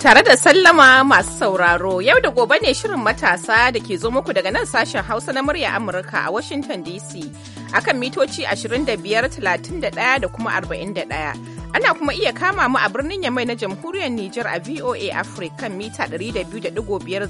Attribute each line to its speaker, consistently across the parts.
Speaker 1: Tare da sallama masu sauraro yau da gobe ne shirin matasa da ke zo muku daga nan sashen Hausa na murya Amurka a Washington DC akan mitoci 25, 31 da kuma 41. Ana kuma iya kama mu a birnin Yamai na jamhuriyar Nijar a VOA Africa kan mita 200.5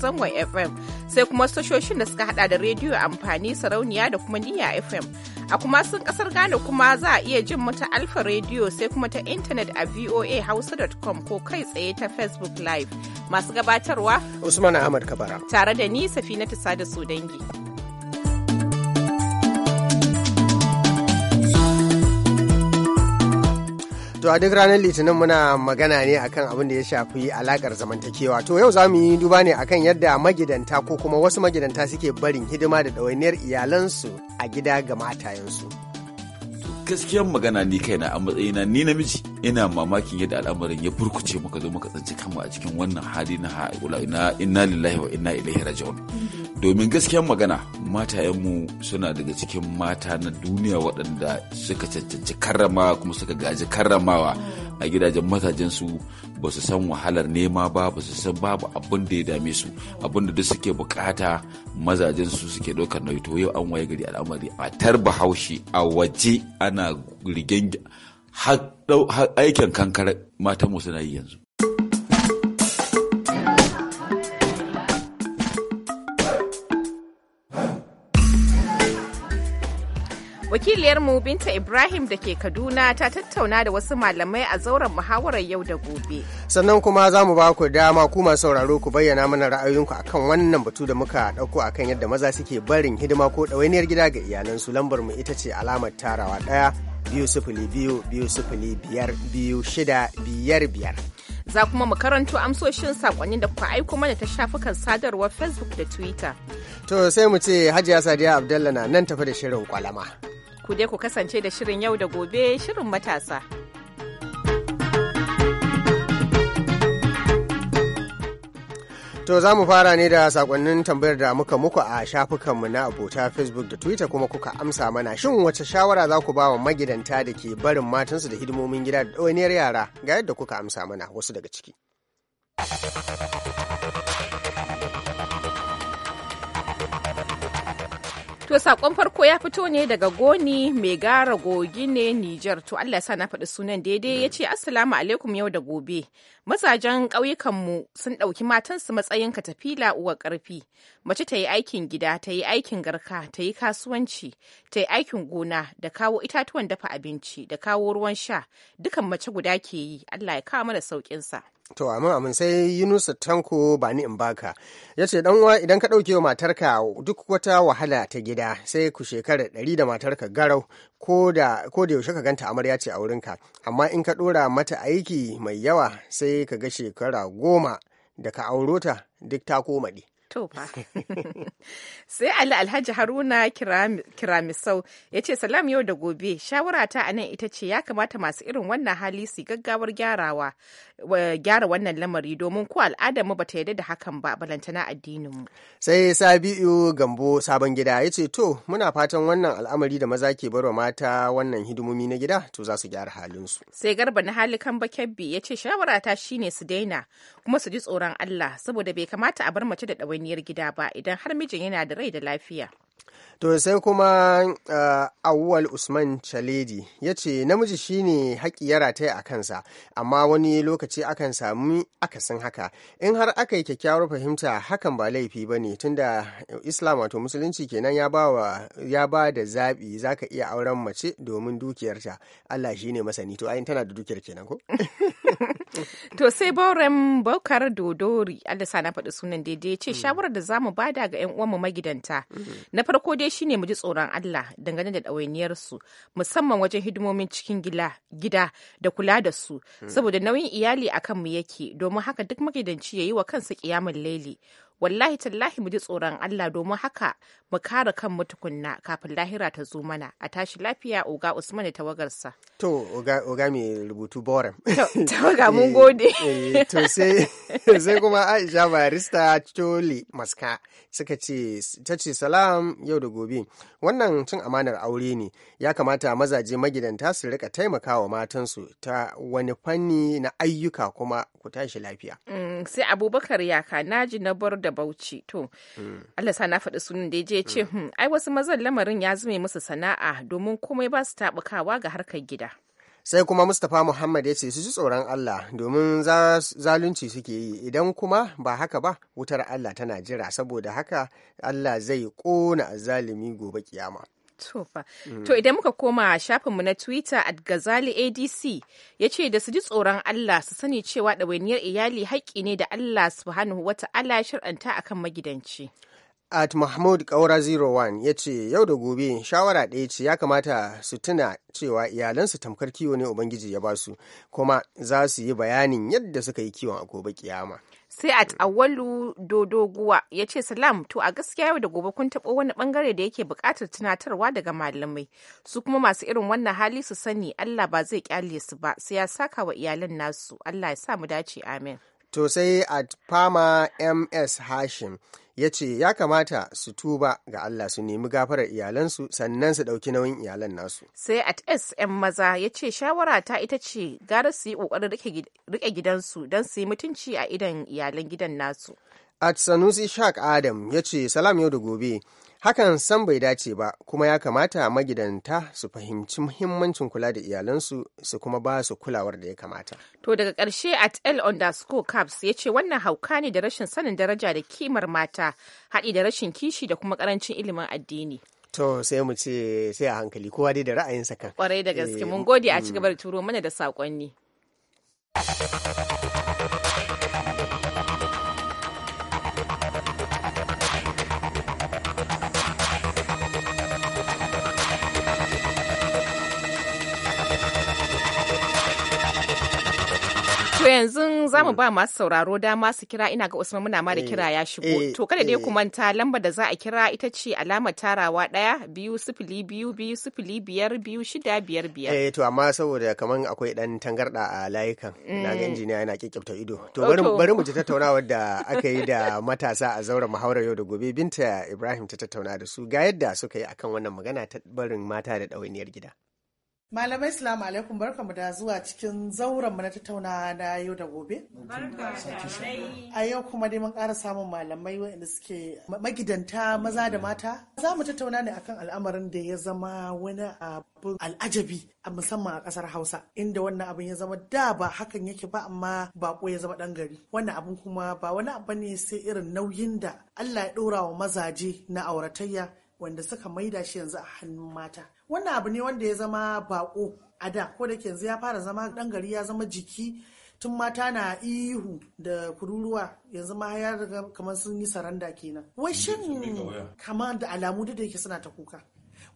Speaker 1: zangon FM sai kuma sashoshin da suka hada da rediyo amfani sarauniya da kuma niyya FM. A kuma sun kasar Ghana kuma za a iya jin mu Alfa rediyo sai kuma ta intanet a voa hausa.com ko kai tsaye ta Facebook Live. Masu gabatarwa
Speaker 2: Usman Ahmad Kabara.
Speaker 1: Tare da ni Safinatu Sada dangi.
Speaker 2: To a duk ranar Litinin muna magana ne akan abin da ya shafi alakar zamantakewa. To yau za mu yi duba ne akan yadda magidanta ko kuma wasu magidanta suke barin hidima da ɗawainiyar iyalansu a gida ga matayensu.
Speaker 3: gaskiyar magana ni kaina a matsayina ni namiji ina mamakin yadda al'amarin ya burkuce muka zo muka tsanci kanmu a cikin wannan hali na ha'ula inna lillahi wa inna ilaihi raji'un domin gaskiyar magana matayenmu suna daga cikin mata na duniya waɗanda suka cancanci karrama kuma suka gaji karramawa a gidajen su ba su san wahalar nema ba ba su san babu abin da ya dame su abin da duk suke bukata mazajen su suke ɗaukar nauyi to yau an waye gari al'amari a tar bahaushe a waje ana rigen har aikin kankara matan mu suna yi yanzu
Speaker 1: wakiliyar mu binta ibrahim da ke kaduna ta tattauna da wasu malamai a zauren muhawarar yau da gobe
Speaker 2: sannan kuma za mu ba ku dama ku sauraro ku bayyana mana ra'ayoyinku akan wannan batu da muka ɗauko akan yadda maza suke barin hidima ko ɗawainiyar gida ga iyalansu lambar mu ita ce alamar tarawa ɗaya biyu sifili biyu biyu sifili biyar biyu shida biyar biyar
Speaker 1: za kuma mu karanto amsoshin sakonnin da kuka aiko mana ta shafukan sadarwar facebook da twitter
Speaker 2: to sai mu ce hajiya sadiya abdallah na nan tafi da shirin kwalama
Speaker 1: ku dai ku kasance da shirin yau da gobe shirin matasa.
Speaker 2: To za mu fara ne da sakonnin tambayar da muka muku a shafukanmu na abota Facebook da Twitter kuma kuka amsa mana shin wace shawara za ku ba wa magidanta da ke barin matansu da hidimomin gida da ɗawainiyar yara ga yadda kuka amsa mana wasu daga ciki.
Speaker 1: To sakon farko ya fito ne daga Goni mai gara gogi ne Nijar. To Allah sa na faɗi sunan daidai ya ce asalamu alaikum yau da gobe. Mazajen ƙauyukanmu sun ɗauki matansu matsayin katafila uwa ƙarfi. Mace ta yi aikin gida, ta yi aikin garka, ta yi kasuwanci, ta yi aikin gona, da kawo itatuwan dafa abinci, da kawo ruwan sha. Dukan mace guda ke yi. Allah ya kawo mana sauƙinsa. sa.
Speaker 2: To amma amin sai Yunusa Tanko ba ni in baka. Ya ce dan uwa idan ka ɗauke wa matarka duk wata wahala ta gida sai ku shekara ɗari da matarka garau ko da yaushe ka ganta amarya ce a wurinka. Amma in ka ɗora mata aiki mai yawa sai ka ga shekara goma da ka aurota ta duk ta komaɗi. To
Speaker 1: Sai Ali Alhaji Haruna Kiramisau ya ce salam yau da gobe shawara ta nan ita ce ya kamata masu irin wannan hali su gaggawar gyara wannan lamari domin ko al'adar mu bata yarda da hakan ba balantana addinin mu.
Speaker 2: Sai Sabiu Gambo sabon gida ya ce to muna fatan wannan al'amari da maza ke barwa mata wannan hidimomi na gida to za su gyara halin
Speaker 1: Sai Garba na hali halikan Bakebbi ya ce shawara ta shine su daina kuma su ji tsoron Allah saboda bai kamata a bar mace da ɗawai ɗawainiyar gida ba idan har mijin yana da rai da lafiya.
Speaker 2: to sai kuma uh, awwal usman chaledi ya ce namiji shine haƙi ya rataya a kansa amma wani lokaci akan sami akasin haka in har aka yi kyakkyawar fahimta hakan ba laifi ba ne tunda islam wato musulunci kenan ya ba ya da zaɓi za ka iya auren mace domin dukiyarta allah shine masani to ayin tana da dukiyar kenan ko
Speaker 1: to sai bauren baukar dodori allah na faɗi sunan daidai ce hmm. shawarar da zamu bada ga 'yan uwanmu magidanta hmm. na farko dai shi ne mu ji tsoron Allah dangane da ɗawainiyarsu musamman wajen hidimomin cikin gida da kula da su hmm. saboda nauyin iyali a kanmu yake domin haka duk magidanci ya yi wa kansa kiyamun laili wallahi tallahi mu ji tsoron Allah domin haka mu kare kan tukunna kafin lahira ta zo mana a tashi lafiya oga Usman ta wagarsa.
Speaker 2: To oga mai rubutu boram.
Speaker 1: waga mun eh, gode. Eh, to sai
Speaker 2: sai kuma Aisha barista Choli Maska suka ce ta ce salam yau da gobe wannan cin amanar aure ne ya kamata mazaje magidanta su rika taimakawa matansu ta wani fanni na ayyuka kuma ku tashi lafiya.
Speaker 1: Mm, sai abubakar yaka naji na bar da bauchi to mm. Allah sa na faɗi sunan da ya ce mm. hmm, ai wasu mazan lamarin ya zume musu sana'a domin komai ba su taɓukawa ga harkar gida.
Speaker 2: sai kuma mustapha muhammad ya ce su ji tsoron allah domin zalunci suke yi idan kuma ba haka ba wutar allah tana jira saboda haka allah zai ƙona zalimi gobe kiyama Mm. To idan
Speaker 1: muka koma shafinmu na Twitter at Gazali ADC ya ce da su ji tsoron Allah su sani cewa ɗawainiyar iyali haƙƙi ne da Allah subhanahu wata ala shir'anta akan magidanci.
Speaker 2: at mahmud kaura 01 ya ce yau da gobe shawara ɗaya ce ya kamata su tuna cewa iyalansu tamkar kiwo ne ubangiji ya basu kuma za su yi bayanin yadda suka yi kiwon a gobe kiyama
Speaker 1: sai at tsawalu dodoguwa ya ce salam to a gaskiya yau da gobe kun taɓo wani bangare da yake buƙatar tunatarwa daga malamai su kuma masu irin wannan hali su sani allah ba zai kyale su ba sai ya saka wa iyalan nasu allah ya sa mu dace amen.
Speaker 2: to sai at fama ms hashim ya ce ya kamata su tuba ga Allah su nemi gafarar iyalansu sannan su ɗauki nauyin iyalan nasu.
Speaker 1: Sai at SM maza ya ce shawara ta ita ce gara su yi ƙoƙarin rike gidansu don su yi mutunci a idan iyalan gidan nasu.
Speaker 2: At Sanusi Shak Adam ya ce salam yau da gobe hakan san bai dace ba kuma ya kamata magidanta su fahimci muhimmancin kula da iyalansu su kuma ba su kulawar da ya kamata
Speaker 1: to daga ƙarshe at l underscore caps ya ce wannan hauka ne da rashin sanin daraja da kimar mata haɗi da rashin kishi da kuma ƙarancin ilimin addini
Speaker 2: To sai mu ce sai a hankali kowa dai da ra'ayinsa kan. Kwarai da gaske eh, mun gode a mm. ci gaba
Speaker 1: da turo mana da saƙonni. yanzu za mu mm. ba masu sauraro dama su kira ina ga Usman muna ma da eh, kira ya shigo. Eh, to kada dai ku eh. manta lamba da za a kira ita ce alamar tarawa ɗaya biyu sifili biyu biyu sifili biyar biyu shida biyar biyar. Eh to
Speaker 2: amma saboda kaman akwai ɗan tangarɗa a layukan na ga mm. injiniya yana kyakkyafta ido. Oh, to bari mu ji tattaunawar da aka yi da matasa a zaura muhawarar yau da gobe Binta Ibrahim ta tattauna da su ga yadda suka yi akan wannan magana ta barin mata da ɗawainiyar gida.
Speaker 4: Malamai salamu alaikum barkamu da zuwa cikin zauren mu na tattauna na yau da gobe. A yau kuma dai mun ƙara samun malamai waɗanda suke magidanta maza da mata. Za mu tattauna ne akan al'amarin da ya zama wani abin al'ajabi a musamman a ƙasar Hausa inda wannan abin ya zama da ba hakan yake ba amma baƙo ya zama ɗan gari. Wannan abin kuma ba wani abu ne sai irin nauyin da Allah ya ɗora wa mazaje na auratayya wanda suka maida shi yanzu a hannun mata. wannan abu ne wanda ya zama bako a da ko da yanzu ya fara zama dan gari ya zama jiki tun mata na ihu da kururuwa yanzu ma ya riga kamar sun yi saranda kenan wai shin kama da alamu da yake suna ta kuka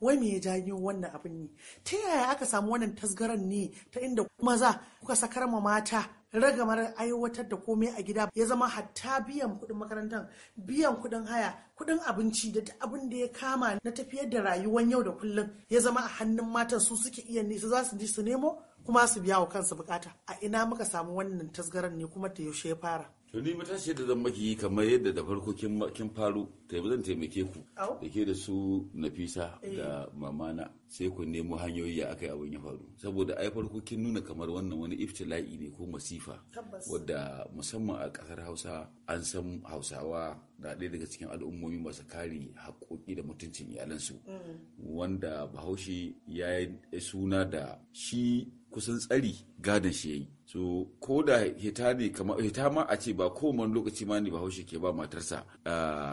Speaker 4: wai me ya janyo wannan abin ne ta yaya aka samu wannan tasgaran ne ta inda maza kuka sakar ma mata ragamar aiwatar da komai a gida ya zama hatta biyan kuɗin makarantar biyan kudin haya kudin abinci da abin da ya kama na tafiyar da rayuwar yau da kullum ya zama a hannun matan su suke iya nisa za su ji su nemo kuma su biya wa kansu bukata a ina muka samu wannan tasgaran ne kuma ta yaushe ya fara
Speaker 3: to ni ce da zan maki kamar yadda da farko kin faru ta zan taimake ku da ke da su nafisa da eh. mamana sai ku nemo hanyoyi ya aka yi abin ya faru saboda ai farko kin nuna kamar wannan wani iftila'i ne ko masifa wadda musamman a kasar hausa an san hausawa da ɗaya daga cikin al'ummomi masu kare haƙoƙi da mutuncin iyalansu mm. wanda bahaushe ya yi suna da shi kusan tsari gadon shi ya yi so ko da hita ne kamar hita ma a ce ba kowane lokaci ma ne ba haushe ke ba matarsa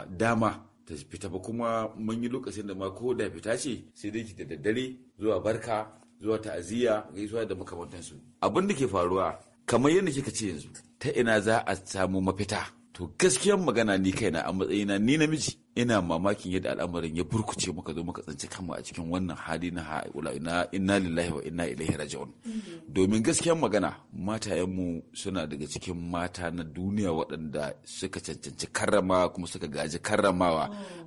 Speaker 3: dama ta fita ba kuma mun yi lokacin da ma ko da fita ce sai dai ki da daddare zuwa barka zuwa ta'aziyya gaisuwa da makamantansu abin da ke faruwa kamar yadda kika ce yanzu ta ina za a samu mafita to gaskiyar magana ni kaina a matsayina ni namiji ina mamakin yadda al'amarin ya burkuce muka zo muka tsanci kanmu a cikin wannan hali na ha'ula ina inna lillahi wa inna ilaihi raji'un domin gaskiyar magana matayenmu suna daga cikin mata na duniya waɗanda suka cancanci karrama kuma suka gaji karramawa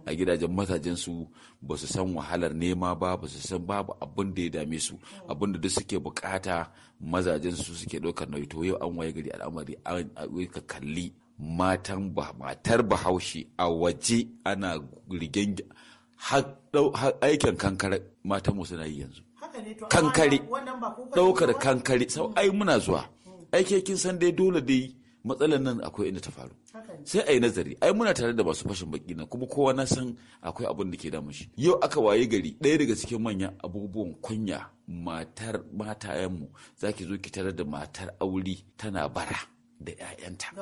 Speaker 3: a gidajen mazajen su ba su san wahalar nema ba ba su san babu abin da ya dame su abin da duk suke bukata mazajen su suke ɗaukar nauyi to yau an waye gari al'amari an ka kalli matan matar bahaushe a waje ana rigen aikin kankare matan matanmu suna yi yanzu
Speaker 4: kankare ɗaukar kankare sau
Speaker 3: ai muna zuwa hmm. aike kin san dai dole dai matsalar nan akwai inda ta faru sai a yi nazari ai muna tare da masu fashin baki nan kuma kowa na san akwai abin da ke damu shi yau aka waye gari ɗaya daga cikin manyan abubuwan kunya matar matayenmu za ki zo ki tare da matar aure tana bara da 'ya'yanta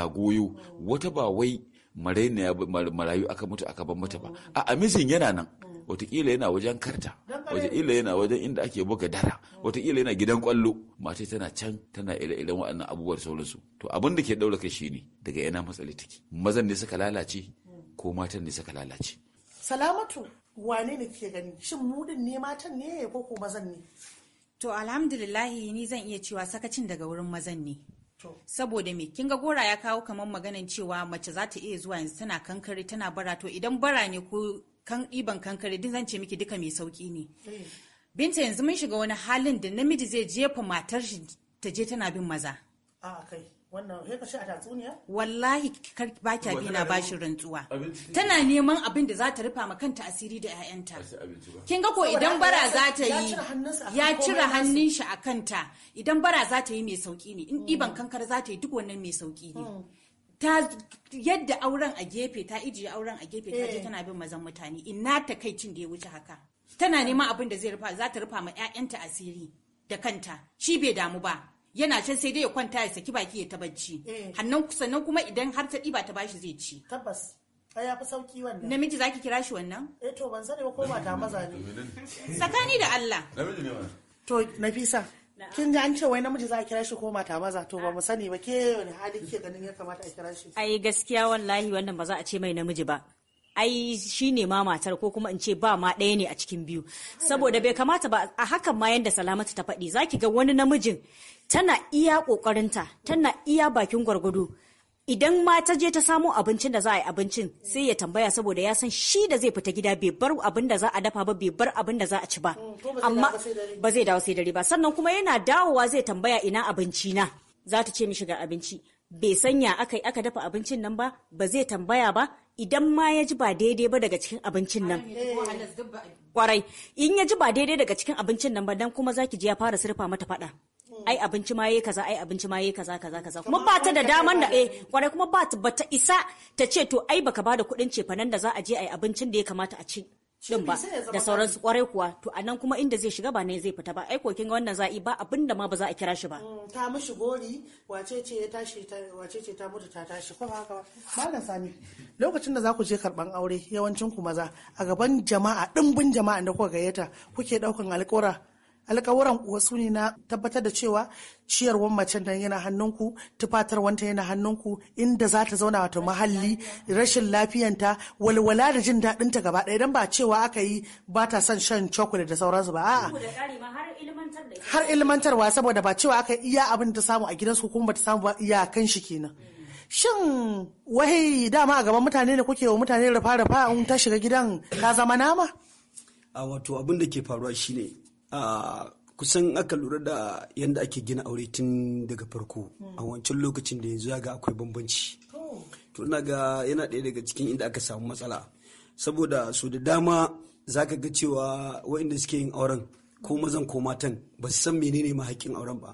Speaker 3: ga goyo wata ba wai marayu aka mutu aka ban mata ba a amisin yana nan watakila yana wajen karta watakila yana wajen inda ake buga dara watakila yana gidan kwallo mace tana can tana ire-iren waɗannan abubuwan sauransu to abin da ke ɗaura shi ne daga yana matsala take mazan ne suka lalace ko matan ne suka lalace
Speaker 4: salamatu wane ne ke gani shin mudin ne matan
Speaker 5: ne ko ko mazan ne to alhamdulillahi ni zan iya cewa sakacin daga wurin mazan ne saboda me kinga gora ya kawo kamar maganan cewa mace za ta iya zuwa yanzu tana kankare tana bara to idan bara ne ko kan ɗiban kankare din zan ce miki duka mai sauki ne eh. binta yanzu mun shiga wani halin da namiji zai jefa matar shi ta je tana bin maza
Speaker 4: wannan ka a tatsuniya
Speaker 5: wallahi ba kya bi na bashi rantsuwa tana neman abin da za ta rufa ma kanta asiri da ƴaƴanta kin ga ko idan bara za ta yi ya cire hannun shi a kanta idan bara za ta yi mai sauki ne in mm. ɗiban kankar za ta yi duk wannan mai sauki ne mm. ta yadda auren a gefe ta ijiye auren a gefe ta je eh. tana bin mazan mutane ina ta kai cin da ya wuce haka tana neman abin da zai rufa za ta rufa ma ƴaƴanta asiri da kanta shi bai damu ba yana can sai dai ya kwanta ya saki baki ya ta bacci eh. hannan sannan kuma idan har ta ɗiba ta bashi zai ci tabbas ai
Speaker 4: ya fi sauki wannan namiji zaki kira shi wannan eh to ban sani ba ko mata maza ne tsakani da Allah namiji ne ma to nafisa kin ji an ce wai namiji za a kira shi ko mata maza to ba mu sani ba ke wani hali ke ganin ya kamata a kira shi
Speaker 6: ai gaskiya wallahi wannan ba za a ce mai namiji ba ai shi ne ma matar ko kuma in ce ba ma ɗaya ne a cikin biyu saboda bai kamata ba a hakan ma yanda salamatu ta faɗi zaki ga wani namijin tana iya ƙoƙarinta tana iya bakin gwargwado idan ma ta je ta samo abincin da za a yi abincin sai ya tambaya saboda ya san shi da zai fita gida bai bar abin da za a dafa ba bai bar abin da za a ci ba mm, amma ba zai dawo sai dare ba sannan kuma yana dawowa zai tambaya ina abinci na za ta ce mishi ga abinci bai sanya aka aka dafa abincin nan ba ba zai tambaya ba idan ma ya ji ba daidai ba daga cikin abincin nan kwarai in ya ji ba daidai daga cikin abincin nan ba dan kuma zaki ji ya fara surfa mata fada ai abinci ma yayi kaza ai abinci ma yayi kaza kaza kaza kuma ba ta da daman da eh kwarai kuma ba ta isa ta ce to ai baka bada kuɗin cefanen da za a je ai abincin da ya kamata a ci din ba da sauransu kwarai kuwa to a nan kuma inda zai shiga ba ne zai fita ba aiko ko ga wannan za'i ba abin da ma ba za a kira shi ba
Speaker 4: mm, ta mishi gori wace ce ya tashi wace ce ta mutu ta tashi ko haka ba malam sami lokacin da za ku je karban aure yawancin ku maza a gaban jama'a dimbin jama'a da kuka gayyata kuke daukan alƙura alkawuran kuwa su na tabbatar da cewa ciyarwar macen nan yana hannunku tufatarwanta yana hannunku inda za ta zauna wato mahalli rashin lafiyanta walwala da jin daɗinta gaba ɗaya don ba cewa aka yi ba ta son shan chocolate da sauransu ba a'a har ilmantarwa saboda ba cewa aka iya abin ta samu a gidansu kuma ba ta samu ba iya kan shi kenan shin wai dama a gaban mutane da kuke wa mutane rufa rufa in ta shiga gidan ta zama nama
Speaker 7: a wato abin da ke faruwa shine kusan aka lura da yadda ake gina aure tun daga farko a wancan lokacin da yanzu ga akwai bambanci oh. to na ga yana ɗaya daga cikin inda aka samu matsala saboda su da dama za ka ga cewa waɗanda suke yin auren ko mazan ko matan ba su san menene ma haƙƙin auren ba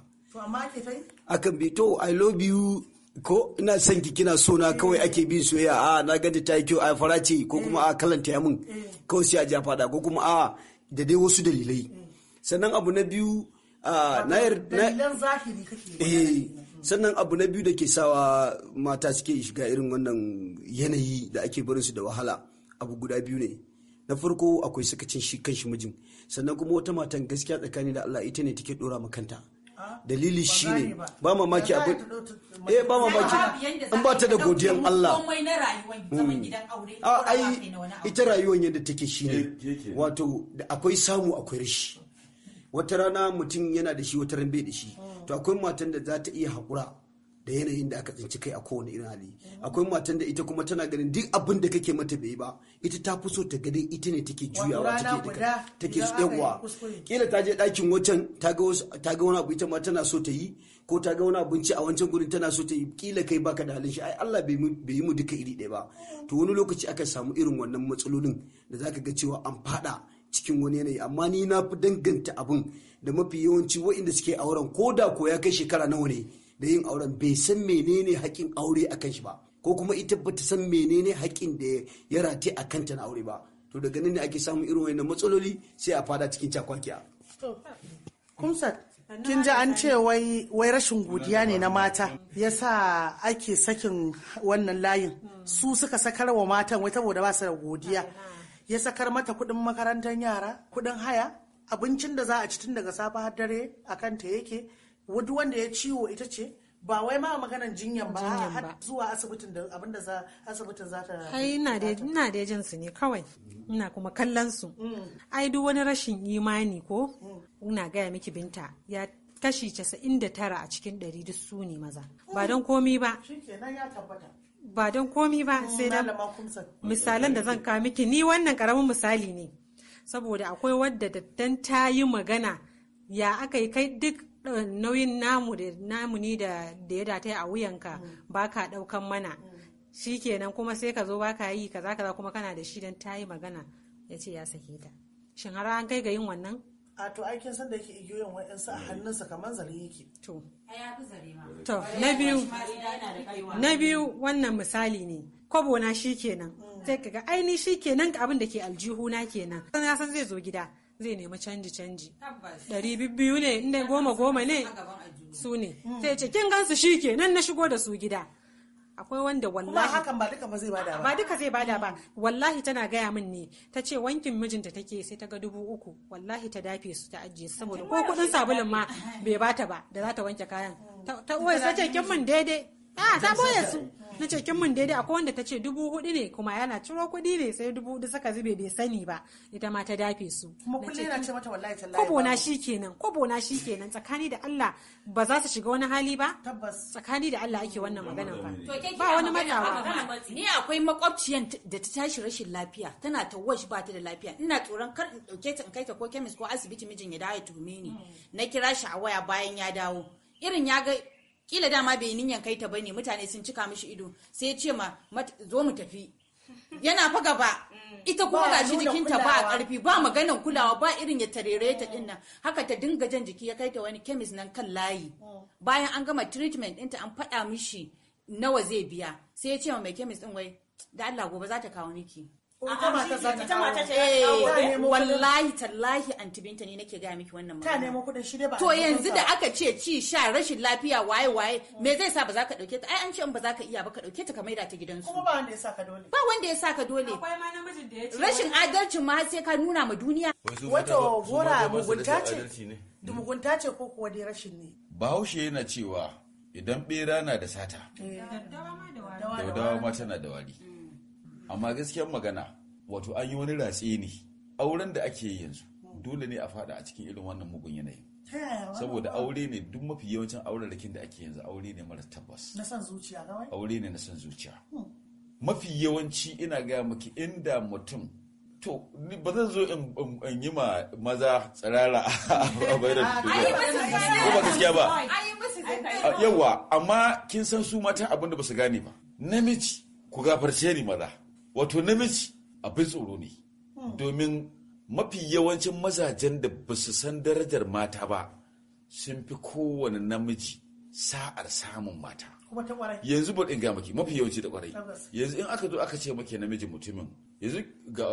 Speaker 7: akan bi to i love you ko ina son ki kina so na kawai ake bin soyayya a na ga ta yi kyau a farace ko kuma a kalanta ya min eh. kawai sai a ja fada ko kuma a da dai wasu dalilai eh. sannan abu na biyu na eh, sannan abu na biyu da ke sawa mata suke shiga irin wannan yanayi da ake barin su da wahala abu guda biyu ne na farko akwai sakacin shi kan shi mijin sannan kuma wata matan gaskiya tsakani da Allah ita ne take dora makanta dalili shi ne ba mamaki abu
Speaker 5: eh ba mamaki an ba ta da godiyan Allah hmm. a ai
Speaker 7: ita rayuwar yadda take shi ne wato akwai samu akwai rashi wata rana mutum yana da shi wata ran bai da shi to akwai matan da za ta iya haƙura da yanayin da aka tsinci kai a kowane irin hali akwai matan da ita kuma tana ganin duk abin da kake mata bai ba ita ta fi so ta ga ita ne take juyawa take da take yawa kila ta je ɗakin wancan ta ga wani abu ita ma tana so ta yi ko ta ga wani abinci a wancan gurin tana so ta yi kila kai baka da halin shi ai Allah bai yi mu duka iri ɗaya ba to wani lokaci aka samu irin wannan matsalolin da zaka ga cewa an fada cikin wani yanayi amma ni na fi danganta abin da mafi yawanci wa'inda suke auren ko da ko ya kai shekara nawa ne da yin auren bai san menene haƙin aure kan shi ba ko kuma ita bata san menene haƙin da ya rate a kanta na aure ba to daga nan ne ake samun irin wannan matsaloli sai a fada cikin cakwakiya.
Speaker 4: kumsat kin ji an ce wai rashin godiya ne na mata ya sa ake sakin wannan layin hmm. su suka wa matan wai saboda ba su da godiya ya sakar mata kuɗin makarantar yara kudin haya abincin da za a ci tun daga safe har dare a kanta yake wadu wanda ya ciwo ita ce ba wai ma maganan jinyan ba har zuwa asibitin da abin da asibitin za ta ai ina
Speaker 8: da ina jin su ne kawai mm. ina kuma kallon su mm. ai duk wani rashin imani ko mm. ina gaya miki binta ya kashi 99 a cikin 100 duk su ne maza ba don komi ba shikenan ya tabbata ba don komi ba sai da misalan da zan kawo miki ni wannan karamin misali ne saboda akwai wadda dattan ta yi magana ya aka yi kai duk uh, nauyin namu da namu ni da ya datai a wuyanka mm. ba ka ɗaukan mana mm. shi kenan kuma sai ka zo ba ka yi kaza kaza kuma kana da shi don ta yi magana ya ce ya sake ta shin har an kai ga yin wannan a to aikin san da yake igiyoyin wa'ansu a eh. hannunsa kamar zare yake to to na biyu na biyu wannan misali ne kwabo na shi kenan mm. sai kaga aini shi kenan abin da ke aljihu na kenan ya san zai zo gida zai nemi canji canji ɗari biyu ne inda goma goma ne su ne mm. sai ce kin gansu shi kenan na shigo da su gida akwai wanda wallahi kuma hakan
Speaker 4: ba duka ba zai bada ba ba
Speaker 8: duka zai bada ba wallahi tana gaya min ne ta ce wankin mijinta take sai ta ga dubu uku wallahi ta dafe su ta ajiye saboda ko kudin sabulun ma bai bata ba da za ta wanke kayan ta uwa sai ce kin min daidai Ah, ta boye su na ce kin mun daidai akwai wanda ta ce dubu hudu ne kuma yana ciro kuɗi ne sai dubu hudu saka zube bai sani ba ita ma ta dafe su kuma kullum yana ce
Speaker 4: mata wallahi tallahi kobo na
Speaker 8: shikenan kobo na shikenan tsakani da Allah ba za su shiga wani hali ba tabbas tsakani da Allah ake wannan magana ba
Speaker 5: ba wani matawa ni akwai makwabciyan da ta tashi rashin lafiya tana ta wash ba ta da lafiya ina tsoron kar in dauke ta in kai ta ko kemis ko asibiti mijin ya dawo ya tume ni hmm. na kira shi a waya bayan ya dawo irin ya ga kila dama bai niyan kai ta bane mutane sun cika mishi ido sai ya ce ma zo mu tafi yana fa gaba ita kuma gashi jikinta ba karfi ba maganan kulawa ba irin ya tarere ta din nan haka ta dinga jan jiki ya kai ta wani chemist nan kan layi bayan an gama treatment ɗinta an faɗa mishi nawa zai biya sai ya ce ma mai chemist din wai da Allah gobe za ta kawo miki
Speaker 4: ita mata za ta mata eh, ce wallahi
Speaker 5: tallahi anti binta ne nake gaya miki wannan magana ta nemo
Speaker 4: kudin shi dai ba to yanzu da
Speaker 5: aka ce ci sha rashin lafiya waye waye me zai sa ba za ka dauke ta ai an ce in ba za ka iya ba ka dauke ta ka maida ta gidansu kuma ba wanda ya sa ka dole ba wanda ya sa ka dole akwai ma namijin da ya ce rashin adalcin ma sai ka nuna ma duniya
Speaker 3: wato gora mugunta ce
Speaker 4: mugunta ce ko kuwa dai rashin ne
Speaker 3: bahaushe yana cewa idan bera na da sata
Speaker 8: eh. da dawa
Speaker 3: ma tana da wari amma gaskiyar magana wato an yi wani ratse ne auren da ake yanzu dole ne a fada a cikin irin wannan mugun yanayi saboda aure ne duk mafi yawancin rikin da ake yanzu aure ne mara tabbas
Speaker 4: na san zuciya kawai
Speaker 3: aure ne na san zuciya hmm. mafi yawanci ina gaya maki inda mutum to ba zan zo in yi ma maza tsirara a bayan da ko ba gaskiya ba yawa amma kin san su mata abin da ba su gane ba namiji ku gafarce ni maza wato namiji abin tsoro ne domin mafi yawancin mazajen da ba su san darajar mata ba sun fi kowane namiji sa'ar samun mata yanzu ba ɗin maki mafi yawanci da kwarai yanzu in aka zo aka ce maki namiji mutumin yanzu ga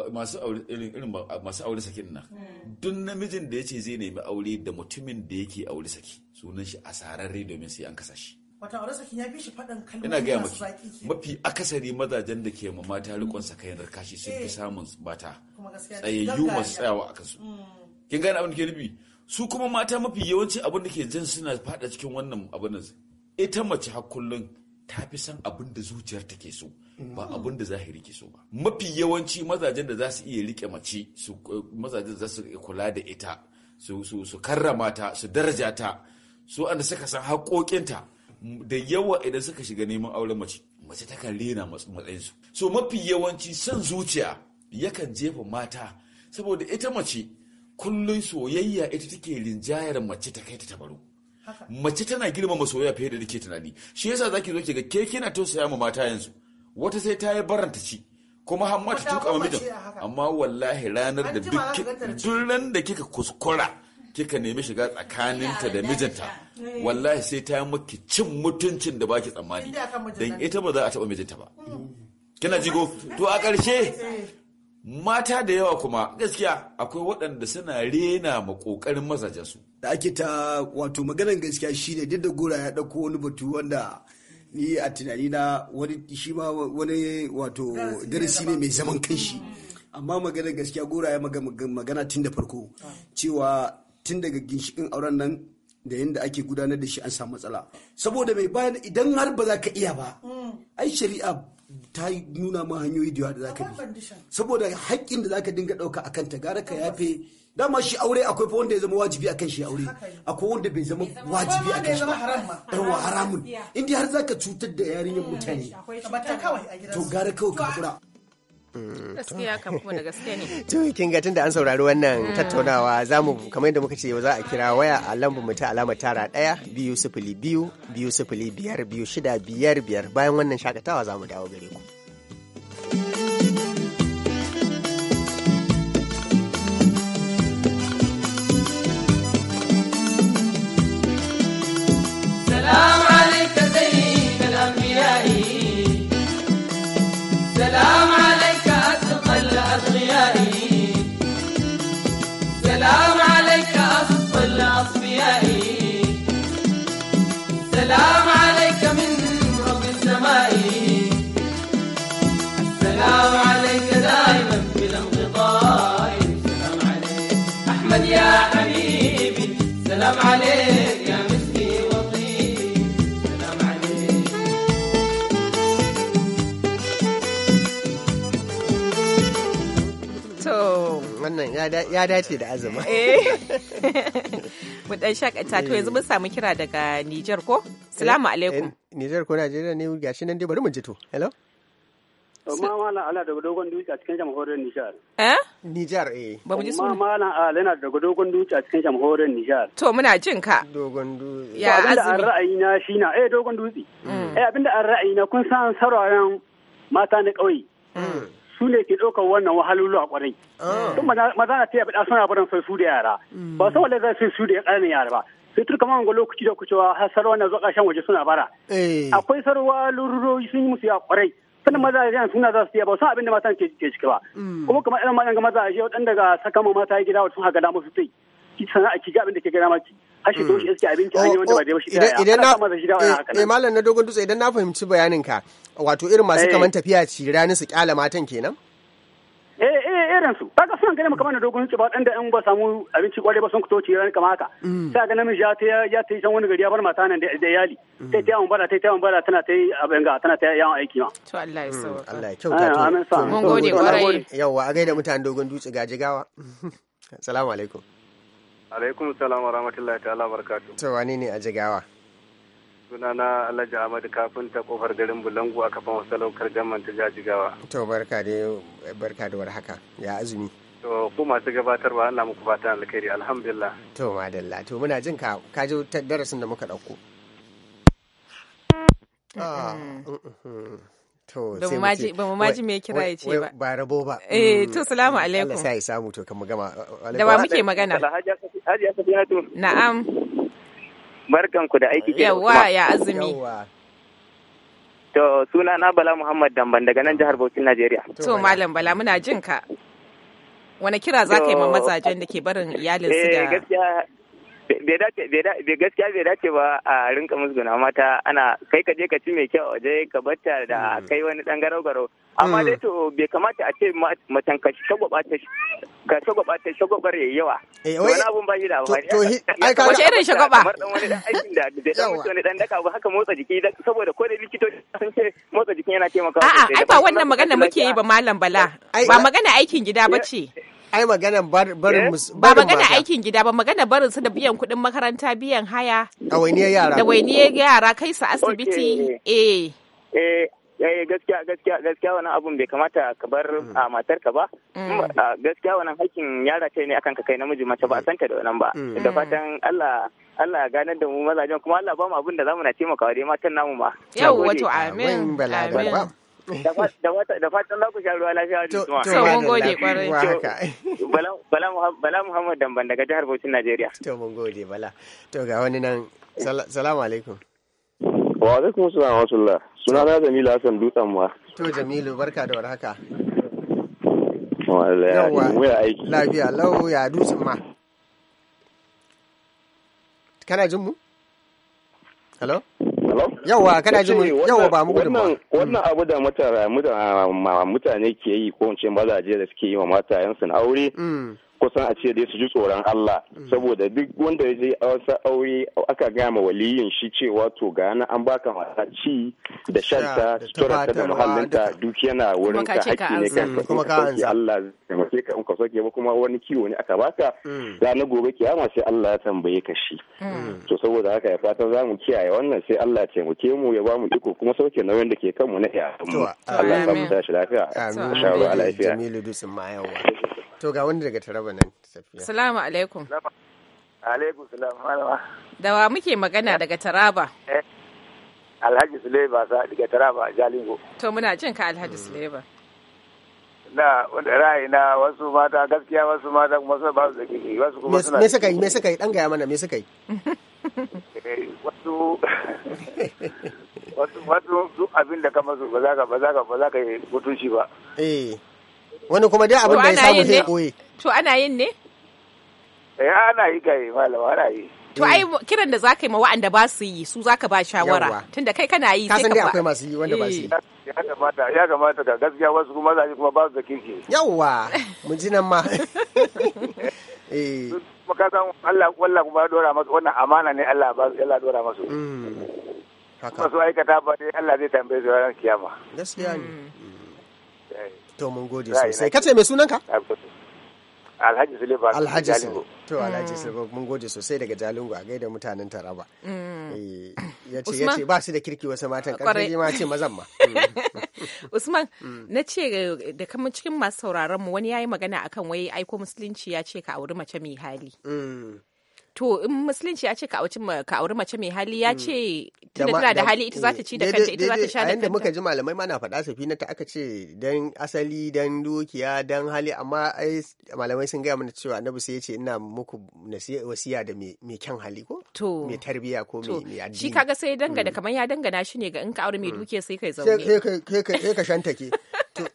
Speaker 3: masu aure sakin nan hmm. duk namijin da ya ce zai nemi aure da mutumin da yake aure saki sunan shi a asararre domin sai an kasa shi
Speaker 4: wata aure ya fi shi faɗin kalmomi ina gaya maki
Speaker 3: mafi akasari mazajen da ke mata rikon sakainar kashi sun fi eh. samun bata
Speaker 4: tsayayyu masu tsayawa a kansu mm.
Speaker 3: kin gane abin da ke nufi su kuma mata mafi yawanci abin da ke jin suna faɗa cikin wannan abin ita mace har kullum ta fi san abin da zuciyar ke so ba mm. abin da zahiri ke so ba mafi yawanci mazajen da za su iya rike mace eh, mazajen za su kula da ita su karramata su daraja ta su anda suka san haƙoƙinta da yawa idan suka shiga neman auren mace mace takan rena matsayinsu so mafi yawanci son zuciya yakan jefa mata saboda ita mace kullum soyayya ita take rinjayar mace ta kai ta tabaru mace tana girmama soyayya fiye da take tunani shi yasa zaki zo ki ga ke kina tausaya ma mata yanzu wata sai ta yi baranta ci kuma hamma ta tuka ma mijin amma wallahi ranar da duk da kika kuskura kika nemi shiga tsakaninta da mijinta eh. wallahi sai ta yi maki cin mutuncin da baki tsammani don ita ba za a taɓa mijinta ba hmm. kina jigo to a ƙarshe eh. mata da yawa kuma gaskiya akwai waɗanda suna rena ma ƙoƙarin mazajensu
Speaker 7: da ake ta wato maganar gaskiya shine duk da gora ya ɗauko wani batu wanda ni a tunani na wani shi ma wani wato darasi ne mai zaman kanshi hmm. amma maganar gaskiya gora ya magana tun da farko ah. cewa tun daga ginshikin auren nan da yadda ake gudanar da shi an samu matsala saboda mai bayan idan har ba za ka iya ba ai shari'a ta nuna ma hanyoyi da yawa da za ka bi saboda haƙƙin da za ka dinga ɗauka a kanta gara ka yafe dama shi aure akwai fa wanda ya zama wajibi akan shi aure akwai wanda bai zama wajibi akan shi yawa haramun inda har za ka cutar da yarinyar
Speaker 2: mm,
Speaker 4: mutane to gara kawai ka haƙura gaskiya kam kuma da ne
Speaker 2: to kin ga an saurari wannan mm. tattaunawa za mu kamar yadda muka ce yau za a kira waya a lambun mu ta alamar tara ɗaya biyu sifili biyu biyu sifili biyar biyu shida biyar biyar bayan wannan shakatawa mu dawo gare ku ya dace da azuma? Eh.
Speaker 1: Mu dan shakata to yanzu mun samu kira daga Nijar ko? Salamu eh, eh, alaikum.
Speaker 2: Nijar ko Najeriya ne gashi nan dai bari mu ji to. Hello?
Speaker 7: ma malam ala daga dogon dutse a cikin jamhuriyar nijar
Speaker 2: eh nijar eh ba mu ji suna
Speaker 7: ma malam ala yana daga dogon dutse a cikin jamhuriyar nijar to muna jin ka
Speaker 2: dogon dutse ya azumi abinda ra'ayi
Speaker 7: na shi na eh dogon dutse mm. eh abinda an ra'ayi na kun san sauraron mata na ƙauye mm. su ne ke ɗaukar wannan wahalulu a ƙwarai. Ah. Tun maza na taya bada suna barin sai su da yara. Mm. Ba san wanda zai su da ƙaramin yara ba. Sai turka man ga lokaci da kucewa har sarwa na zuwa ƙarshen waje suna bara. Eh. Akwai sarwa lururori sun yi musu ya kwarai. sannan maza da yan suna za su iya ba san abin da matan ke ke cikawa mm. kuma kamar irin matan maza a shi waɗanda daga saka ma mata gida wata sun haka da musu sai ki sana'a ki ga abin da ke gida maki to shi mm. iske abinci an yi wanda ba dai ba shi da idan na maza shi da eh, haka. eh malam
Speaker 2: na dogon dutse idan na fahimci bayanin ka wato irin masu eh. kaman tafiya ci ranin su kyala matan kenan
Speaker 7: irin su kaga suna ganin kamar na dogon ci ba dan da in ba samu abinci kware ba sun kuto ci ran kamar haka mm. sai ga namiji ya ta ya ta san wani gari ya bar mata nan da iyali sai mm. ta yawan bara sai ta yawan bara tana ta yi abin ga tana ta yawan aiki ma
Speaker 9: to Allah ya mm, sauka Allah ya
Speaker 7: kyauta ah, to mun gode kwarai
Speaker 2: yawa a gaida mutanen dogon dutse gajigawa
Speaker 7: assalamu alaikum
Speaker 9: alaikum salam wa rahmatullahi ta'ala barakatuh
Speaker 2: to wani ne a jigawa
Speaker 9: sunana Alhaji Ahmad ta kofar garin Bulangu a kafan laukar jamman ta jajigawa.
Speaker 2: To barka da barka da warhaka ya
Speaker 7: azumi.
Speaker 9: To ku masu gabatarwa Allah muku fatan alkhairi alhamdulillah.
Speaker 2: To madalla to muna jin ka ka ji darasin da muka dauko. Ah, ba mu maji me kira ya ce ba. Ba rabo ba. Eh to mm. salamu alaikum. Allah sai samu to kan mu gama. Da ba muke magana.
Speaker 9: Na'am. Barkanku da aiki ke Yawa ya azumi. To suna na Bala Muhammad Damban daga nan jihar Bauchi Najeriya. To
Speaker 1: Malam Bala muna jin ka. Wani kira za ka yi ma mazajen da ke barin iyalinsu eh,
Speaker 9: da bai dace bai gaskiya bai dace ba a rinka musguna mata ana kai ka je ka ci mai kyau waje ka bata da hmm. kai wani dan garau garau amma hmm. dai to bai kamata a ce matan ka shagwaba ta ka shagwaba ta shagwabar yayi yawa eh, wani abun ba shi da amfani to ai ka wace irin shagwaba kamar dan wani aikin da da dan wani dan daka ba haka motsa jiki saboda ko da likitoci sun ce motsa jikin yana taimakawa a'a ai ba
Speaker 1: wannan magana muke yi ba malam bala ba magana aikin gida ba ce
Speaker 2: ai eh? magana barin ba magana
Speaker 1: aikin gida ba magana barin su da biyan kuɗin makaranta biyan haya
Speaker 9: wainiyar yara wainiyar
Speaker 1: yara kai su asibiti
Speaker 9: eh. eh eh gaskiya gaskiya gaskiya wannan abun bai kamata ka bar mm. a matarka ba mm. gaskiya wannan hakkin yara ce ne akan ka kai namiji mace ba a ka mm. da wannan ba da fatan Allah Allah ya ganar da mu mazajen kuma Allah ba mu abin da zamu na taimakawa dai matan namu ma yau wato amin amin da fatan za ku sha ruwa lafiya da kuma. To, mun gode kwarai. Bala Muhammad Damban daga jihar Bauchi, Najeriya.
Speaker 2: To, mun gode Bala. To, ga wani nan. Salamu alaikum.
Speaker 9: Wa alaikum salam wa rahmatullah. Suna na Jamilu Hassan Dutsen ma.
Speaker 2: To, Jamilu, barka da warhaka.
Speaker 9: Yawwa,
Speaker 2: lafiya, lau ya dutsen ma. Kana jin mu?
Speaker 9: Hello? Yawa kana ji mu yawa ba mu gudun hmm. Wannan abu da mutane ke yi ko in ce mazaje da suke yi wa matayen su na aure hmm. kusan a ce dai su ji tsoron Allah mm. saboda duk wanda ya je aure aka gama waliyin shi cewa to ga na an baka mata da shanta ta da muhallinta duk yana wurin ka haƙi ne kan kuma ka Allah da mace ka in ka soke ba kuma wani kiwo ne aka baka mm. na gobe kiyama sai Allah ya tambaye ka shi mm. to saboda haka ya fatan za mu kiyaye wannan sai Allah ya taimake mu ya ba mu iko kuma sauke nauyin da ke kanmu na iyayenmu Allah ya mu tashi lafiya. Amin. Jamilu
Speaker 2: Dusun Mayawa. To ga wani daga taraba nan safiya.
Speaker 1: Salamu alaikum.
Speaker 9: Alaikum salam malama.
Speaker 1: Da wa muke magana daga taraba?
Speaker 9: Eh, Alhaji Suleba sa daga taraba Jalingo. To muna jin ka Alhaji Suleba. Mm. na ra'ayi na wasu mata gaskiya wasu mata kuma suna ba su da kiki wasu kuma suna me suka yi me
Speaker 2: suka yi dan gaya mana me suka yi
Speaker 9: eh, wasu wasu wasu abin da kama su ba za ka ba za ka ba za ka yi mutunci ba eh wani kuma dai abin da ya samu zai koye
Speaker 1: to ana yin ne
Speaker 9: eh ana yi gaye malama ana yi to ai
Speaker 1: mm. kiran da zaka yi ma wa'anda ba su yi su zaka ba shawara tunda kai
Speaker 2: kana yi sai ka ba. akwai masu yi wanda ba su yi
Speaker 9: eh. ya kamata ya kamata ga gaskiya wasu kuma za kuma ba su da kirki Yawwa
Speaker 2: mun ji nan ma
Speaker 9: eh maka san Allah wallahi kuma dora masa wannan amana ne Allah ba Allah dora masa mm. haka su aikata ba dai Allah zai tambaye su ranar kiyama
Speaker 2: gaskiya ne mm. to mun gode sosai kace mai sunanka
Speaker 9: Alhaji Silva Alhaji Silva to Alhaji mm. Silva
Speaker 2: mun gode sosai daga Jalingo a gaida mutanen Taraba mm. eh, ya ce ya ce ba su da kirki wasu matan karfi ma ce mazan ma mm. Usman
Speaker 1: na ce da kamar cikin masu sauraron mu wani yayi magana akan wai aiko musulunci ya ce ka auri mace mai hali to in musulunci ya ce ka auri mace mai hali ya hmm. ce tunda tana da hali ita za
Speaker 2: ta ci da kanta ita za ta sha da kanta. muka ji malamai ma na faɗa safi ta aka ce dan asali dan dukiya dan hali amma ai malamai sun gaya mana cewa annabi sai ya ce ina muku wasiya da mai kyan hali ko mai tarbiya ko mai addini. Shi kaga
Speaker 1: sai danga da hmm. kamar ya dangana shi ne ga in ka auri mai hmm. dukiya sai kai zaune. Sai
Speaker 2: ka shantake.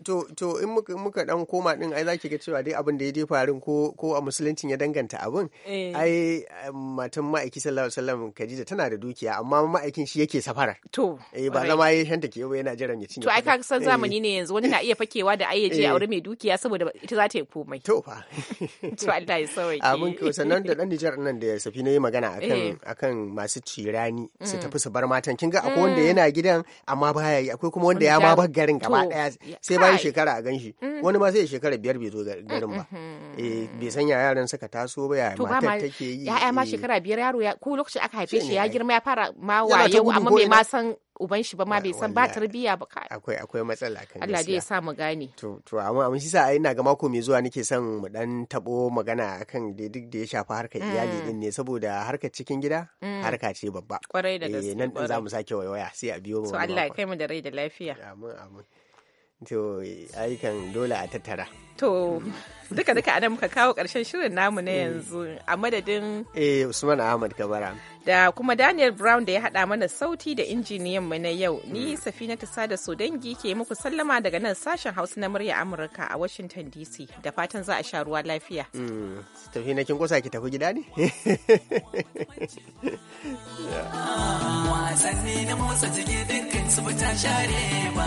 Speaker 2: to in muka dan koma din ai zaki ga cewa dai abin da ya je farin ko ko a musuluncin ya danganta abin
Speaker 8: eh. ai
Speaker 2: matan ma'aiki sallallahu alaihi wasallam Khadija tana da dukiya amma ma'aikin shi yake safara to eh ba zama yayin shanta ke yana jiran ya cinye to ai ka san zamani
Speaker 1: ne yanzu wani na eh. iya fakewa da ai ya je eh. aure mai dukiya saboda ita za ta yi komai to fa to Allah ya sauke abin ko sannan
Speaker 2: da dan Nijar nan da safi na yi magana akan akan masu cirani su mm. tafi su bar matan kin ga akwai wanda mm. yana gidan amma baya yi akwai kuma wanda ya ma bar garin gaba daya sai bayan shekara a ganshi mm. wani ma sai shekara biyar bai zo mm, garin ba mm-hmm. eh, bai san ya yaran suka taso ba ya matar take yi ya'ya ma eh. shekara
Speaker 1: biyar yaro ya ko lokacin aka haife shi ya girma ya fara ma waye amma bai ma san uban shi ba ma ah, bai san ba tarbiya ba kai
Speaker 2: akwai akwai matsala kan Allah dai ya
Speaker 1: sa mu gane
Speaker 2: to to amma amma shi sa ina ga mako mai zuwa nake son mu dan tabo magana akan da duk da ya shafi harkar iyali mm. din ne saboda harkar cikin gida harka ce babba kwarai da eh, gaske nan din zamu sake waya sai a biyo mu Allah ya kai
Speaker 1: mu da rai da lafiya amin amin
Speaker 2: to ayyukan dole a tattara
Speaker 1: to duka duka anan muka kawo karshen shirin namu na mm. yanzu a madadin
Speaker 2: eh Usman Ahmad Kabara
Speaker 1: da kuma Daniel Brown da ya haɗa mana sauti da injiniyan mu na yau ni mm. Safina Tasada dangi ke muku sallama daga nan sashen Hausa na murya Amurka a Washington DC da fatan za a sha ruwa lafiya
Speaker 2: Safina mm. kin kusa ki tafi gida ne
Speaker 7: wasanni na motsa jiki
Speaker 4: dukkan su ba ta share ba